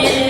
Yeah.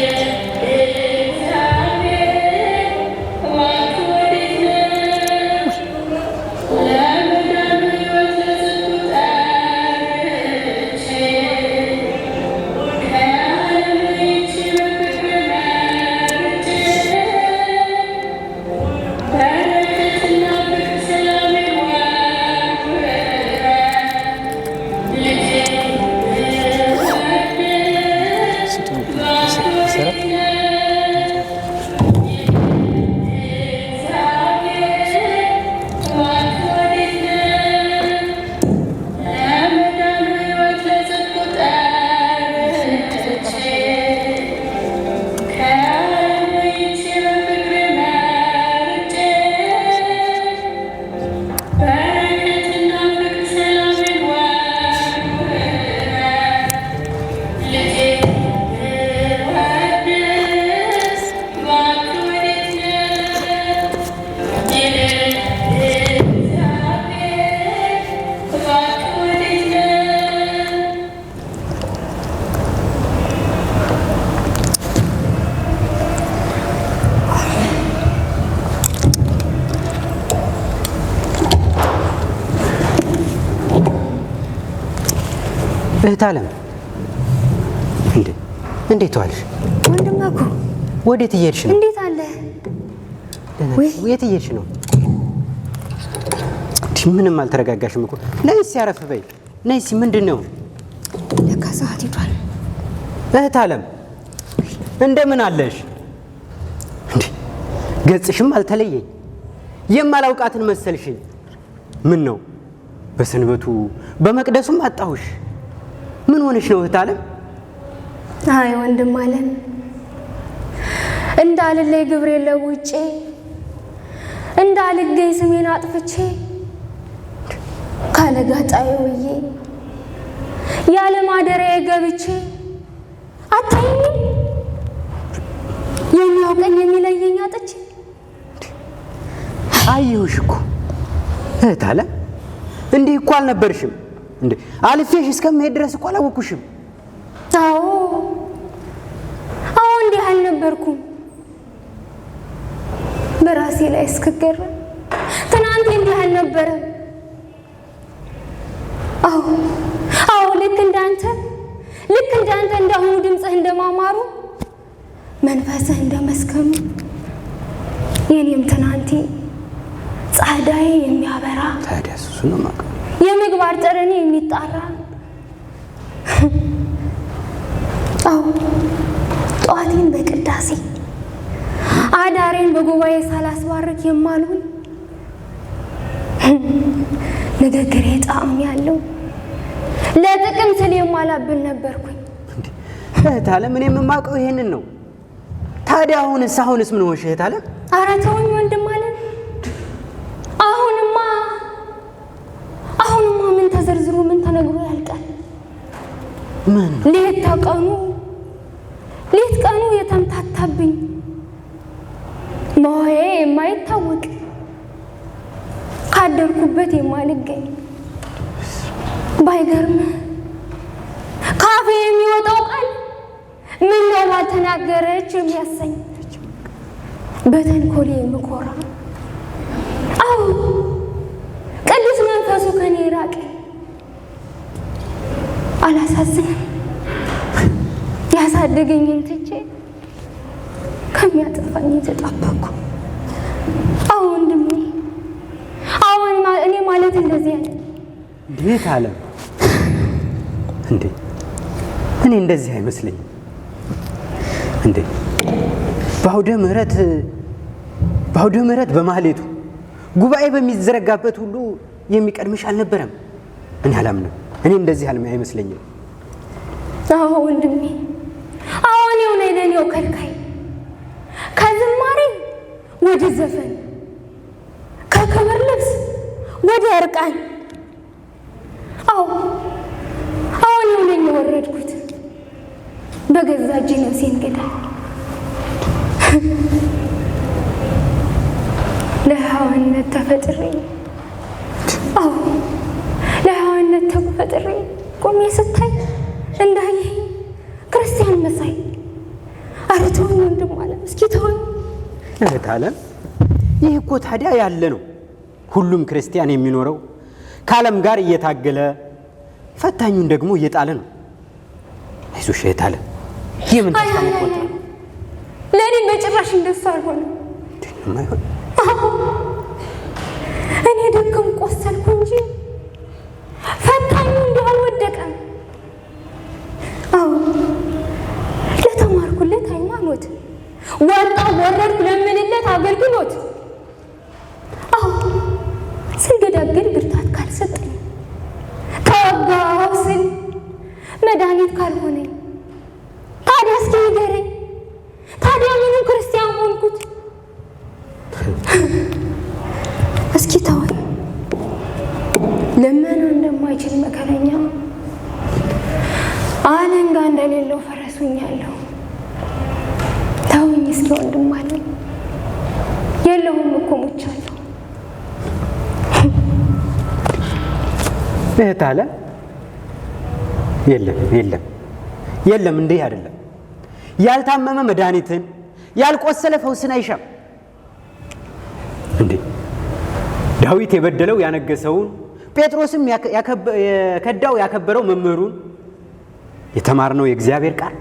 አለም እንዴ እንዴት ዋልሽ? ወንድም እኮ ወዴት እየሄድሽ ነው? እንዴት አለ? የት እየሄድሽ ነው? ምንም አልተረጋጋሽም እኮ። ነይ እስኪ አረፍ በይ። ነይ እስኪ ምንድን ነው? ለካ ሰዓት ሄዷል። እህት አለም እንደምን አለሽ? እንዴ ገጽሽም አልተለየኝ። የማላውቃትን መሰልሽኝ። ምን ነው በሰንበቱ በመቅደሱም አጣሁሽ። ምን ሆነሽ ነው እህት አለም አይ ወንድም አለ እንዳልለይ ግብሬ ለውጬ እንዳልገኝ ስሜን አጥፍቼ ካለጋጣዬ ውዬ ያለ ማደሪያ ገብቼ አታይኝም የሚያውቀኝ የሚለየኝ አጥቼ አየሁሽ እኮ እህት አለ እንዲህ እኮ አልነበርሽም። እንዴ አልፌሽ እስከምሄድ ድረስ እኮ አላወኩሽም። አዎ አዎ፣ እንዲህ አልነበርኩም። በራሴ ላይ እስክገር ትናንት እንዲህ አልነበረም። አዎ አዎ፣ ልክ እንዳንተ ልክ እንዳንተ እንዳሁኑ ድምፅህ እንደማማሩ መንፈስህ እንደመስከሙ የኔም ትናንቴ ጸዳዬ የሚያበራ ታዲያ ሱሱ ነው የምግባር ጠረን የሚጣራ አዎ፣ ጠዋቴን በቅዳሴ አዳሬን በጉባኤ ሳላስባርክ የማልሆን ንግግሬ ጣዕም ያለው ለጥቅም ስል የማላብን ነበርኩኝ። እህት አለም፣ እኔ የምማውቀው ይሄንን ነው። ታዲያ አሁንስ አሁንስ ምን ሆንሽ እህት አለም? ኧረ ተውኝ ወንድም ሌት ተቀኑ ሌት ቀኑ የተምታታብኝ መሆዬ የማይታወቅ ካደርኩበት የማልገኝ ባይገርም ካፌ የሚወጣው ቃል ምን ነው ባልተናገረች የሚያሰኝ በተንኮሌ የምኮራ አዎ ቅዱስ መንፈሱ ከኔ ራቀ አላሳዝንም። ያሳደገኝን ትቼ ከሚያጠፋኝ የተጣበኩ አዎ ወንድሜ፣ አሁን እኔ ማለት እንደዚህ ያለ እንዴት አለ እንዴ? እኔ እንደዚህ አይመስለኝም እንዴ? በአውደ ምሕረት በአውደ ምሕረት በማህሌቱ ጉባኤ በሚዘረጋበት ሁሉ የሚቀድምሽ አልነበረም። እኔ አላምንም። እኔ እንደዚህ አልሚ አይመስለኝም። አዎ ወንድሜ፣ አዎ እኔው ነኝ ለኔው ከልካይ። ከዝማሬ ወደ ዘፈን፣ ከከበር ልብስ ወደ እርቃን። አዎ አዎ እኔው ነኝ የወረድኩት በገዛ እጄ ነፍሴን ገዳ ለህዋነት ተፈጥሬ ፈጥሬ ቆሜ ስታይ እንዳየህ ክርስቲያን መሳይ። ኧረ ተወኝ ወንድም አለም፣ እስኪ ተወኝ እህት አለም። ይህ እኮ ታዲያ ያለ ነው። ሁሉም ክርስቲያን የሚኖረው ከዓለም ጋር እየታገለ ፈታኙን ደግሞ እየጣለ ነው። አይዞሽ እህት አለም። ይህ ምን ተስፋ ለእኔ በጭራሽ እንደሱ አልሆነ ወረድኩ ለምንለት አገልግሎት አሁ ስንገዳገድ ብርታት ካልሰጠኝ ከወጋው ስል መድኃኒት ካልሆነ ታዲያ እስኪ ንገረኝ። ታዲያ ምኑ ክርስቲያን ሆንኩት? እስኪ ተወኝ። ለመና እንደማይችል መከረኛ አለንጋ እንደሌለው ፈረሱኛለሁ። እስኪ ወንድም አለ የለሁም እኮ ሙቻለሁ። እህት አለ የለም የለም የለም። እንዲህ አይደለም። ያልታመመ መድኃኒትን ያልቆሰለ ፈውስን አይሻም እንዴ? ዳዊት የበደለው ያነገሰውን፣ ጴጥሮስም የከዳው ያከበረው መምህሩን የተማርነው የእግዚአብሔር ቃል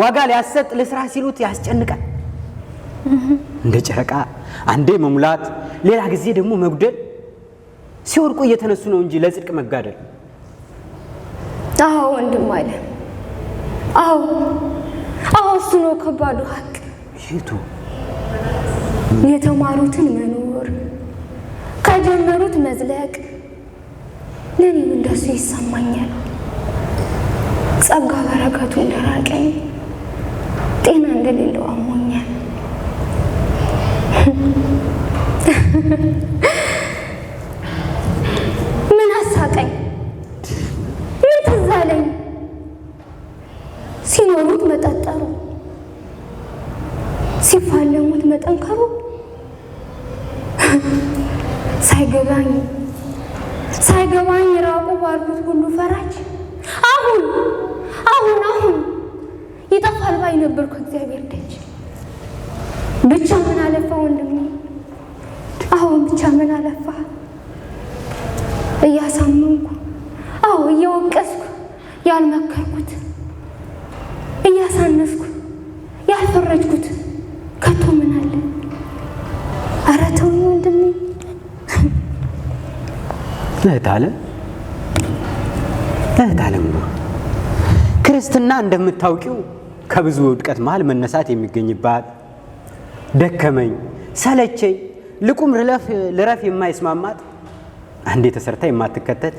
ዋጋ ሊያሰጥ ለስራ ሲሉት ያስጨንቃል። እንደ ጨረቃ አንዴ መሙላት፣ ሌላ ጊዜ ደግሞ መጉደል። ሲወድቁ እየተነሱ ነው እንጂ ለጽድቅ መጋደል። አዎ ወንድም አለ። አዎ አዎ፣ እሱ ነው ከባዱ ሀቅ። ይቱ የተማሩትን መኖር ከጀመሩት መዝለቅ። ለእኔም እንደሱ ይሰማኛል። ጸጋ በረከቱ እንደራቀኝ ጤና እንደሌለው አሞ ምን አሳቀኝ? ምን ትዝ አለኝ? ሲኖሩት መጠጠሩ፣ ሲፋለሙት መጠንከሩ ሳይገባኝ ሳይገባኝ ራቁ ባልኩት ሁሉ ፈራጅ አሁን አሁን አሁን ይጠፋል ባይ ነበርኩ እግዚአብሔር ደጅ ብቻ ምን አለፋ ወንድሜ፣ አሁን ብቻ ምን አለፋ እያሳመንኩ፣ አዎ እየወቀስኩ ያልመከርኩት፣ እያሳነስኩ ያልፈረጅኩት ከቶ ምን አለ? ኧረ ተው ወንድሜ። እህት እህት ነው ክርስትና እንደምታውቂው ከብዙ ውድቀት መሀል መነሳት የሚገኝባት ደከመኝ፣ ሰለቸኝ፣ ልቁም ልረፍ የማይስማማት አንዴ ተሰርታ የማትከተት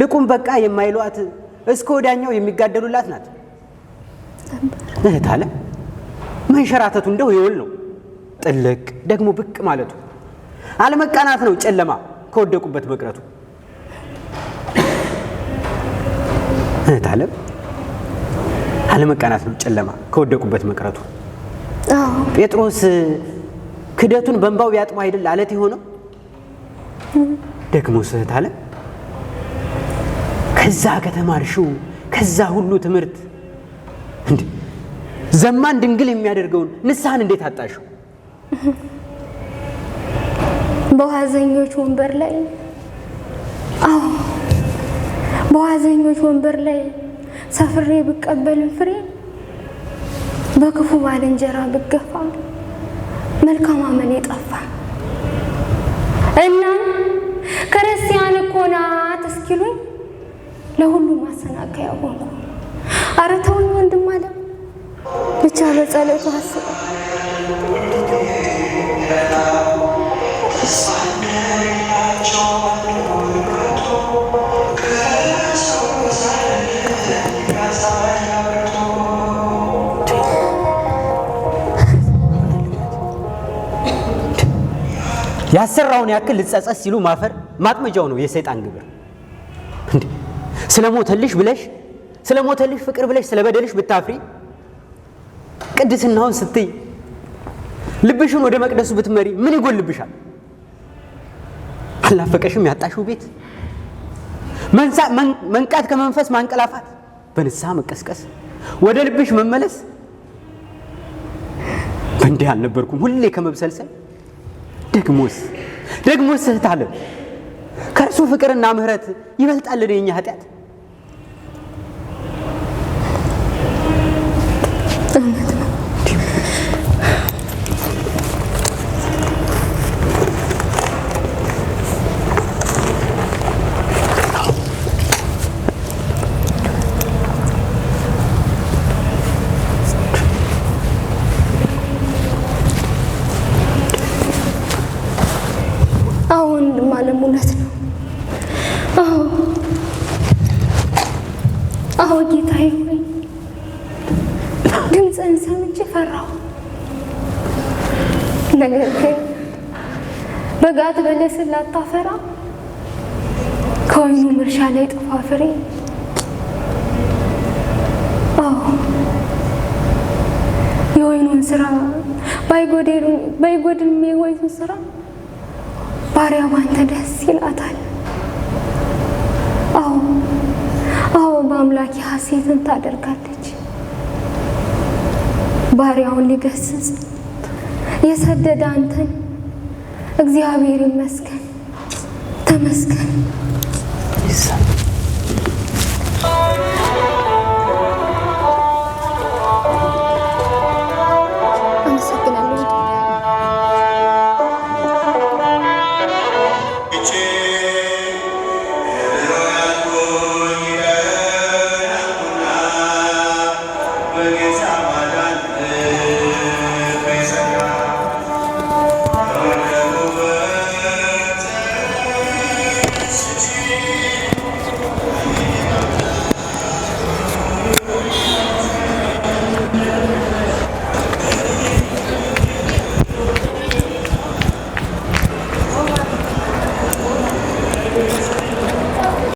ልቁም በቃ የማይሏት እስከ ወዳኛው የሚጋደሉላት ናት። እህት አለ መንሸራተቱ እንደው ይውል ነው ጥልቅ ደግሞ ብቅ ማለቱ አለመቃናት ነው ጨለማ ከወደቁበት መቅረቱ። እህት አለመቃናት ነው ጨለማ ከወደቁበት መቅረቱ። ጴጥሮስ ክደቱን በእንባው ቢያጥቡ አይደል አለት የሆነው ደግሞ ስህት አለ። ከዛ ከተማርሽው ከዛ ሁሉ ትምህርት እንዴ ዘማን ድንግል የሚያደርገውን ንስሐን እንዴት አጣሽው? በዋዘኞች ወንበር ላይ አዎ፣ በዋዘኞች ወንበር ላይ ሰፍሬ ብቀበልን ፍሬ በክፉ ባልንጀራ ብገፋ መልካም አመል የጠፋ እና ክርስቲያን እኮ ናት እስኪሉኝ ለሁሉም ማሰናከያ ሆንኩ። ኧረ ወንድም አለ ብቻ በጸሎቱ አስበ Thank ያሰራውን ያክል ልጸጸት ሲሉ ማፈር ማጥመጃው ነው የሰይጣን ግብር። ስለሞተልሽ ብለሽ ስለሞተልሽ ፍቅር ብለሽ ስለበደልሽ ብታፍሪ ቅድስናውን ስትይ ልብሽን ወደ መቅደሱ ብትመሪ ምን ይጎልብሻል? አላፈቀሽም ያጣሽው ቤት መንቃት ከመንፈስ ማንቀላፋት በንስሐ መቀስቀስ ወደ ልብሽ መመለስ። እንዲህ አልነበርኩም ሁሌ ከመብሰልሰል ደግሞስ ደግሞስ ስህተት አለ ከእርሱ ፍቅርና ምሕረት ይበልጣልን የኛ ኃጢአት? አዎ ጌታዬ ሆይ ድምፅህን ሰምቼ ፈራሁ። ነገር ግን በጋት በለስን ላታፈራ ከወይኑ እርሻ ላይ ጥፋ ፍሬ። የወይኑን ስራ ባይጎድልም የወይኑን ስራ ባሪያ ባንተ ደስ ይላታል። አዎ በአምላኬ ሐሴትን ታደርጋለች። ባሪያውን ሊገስጽ የሰደደ አንተን እግዚአብሔር ይመስገን፣ ተመስገን።